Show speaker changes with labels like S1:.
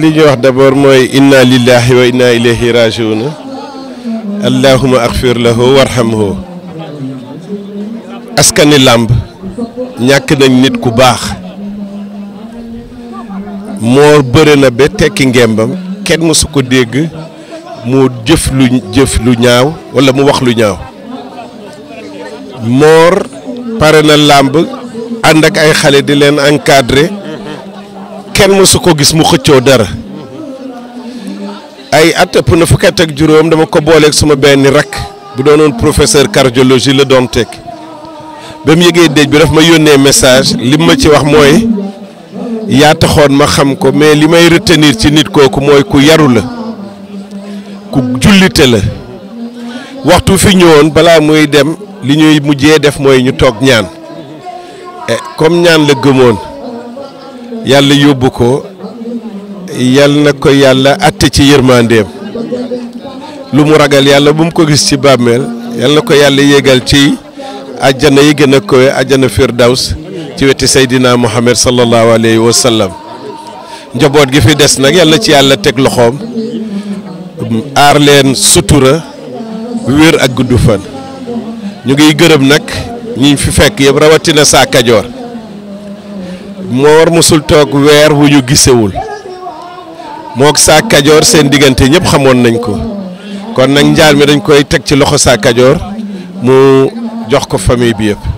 S1: li ñuy wax d' abord mooy inna lillahi wa inna ilayhi rajiuna allahuma axfir lahu askani làmb ñàkk nañ nit ku baax moo bëre na ba tekki ngembam kenn mësu ko dégg mu jëf lu jëf lu ñaaw walla mu wax lu ñaaw moor pare na làmb ànd ak ay xale di leen encadrer kenn mësu ko gis mu xëccoo dara ay at ëpp na fukki at ak juróom dama ko booleek suma benn rakk bu doonoon professeur cardiologie la doon teg ba mu yëgee déj bi daf ma yónnee message li ma ci wax mooy yaa taxoon ma xam ko mais li may retenir ci nit kooku mooy ku yaru la ku jullite la waxtu fi ñëwoon balaa muy dem li ñuy mujjee def mooy ñu toog ñaan eh, comme ñaan la gëmoon. yàlla yóbbu ko yàlla na ko yàlla atte ci yërmandeem lu mu ragal yàlla bu mu ko gis ci bàmmeel yàlla na ko yàlla yéegal ci ajjana yi gën a kowe ajjana firdaws ci wetu Seydina Muhammad sallallahu alayhi wa njaboot gi fi des nag yàlla ci yàlla teg loxoom aar leen sutura wér ak gudd fan ñu ngiy gërëm nag ñi fi fekk yëpp rawatina saa Kajoor moor musul toog weer wu ñu gisewul mook saa kajoor seen diggante ñëpp xamoon nañ ko kon nag njaal mi dañ koy teg ci loxo saa kajoor mu jox ko famille bi yëpp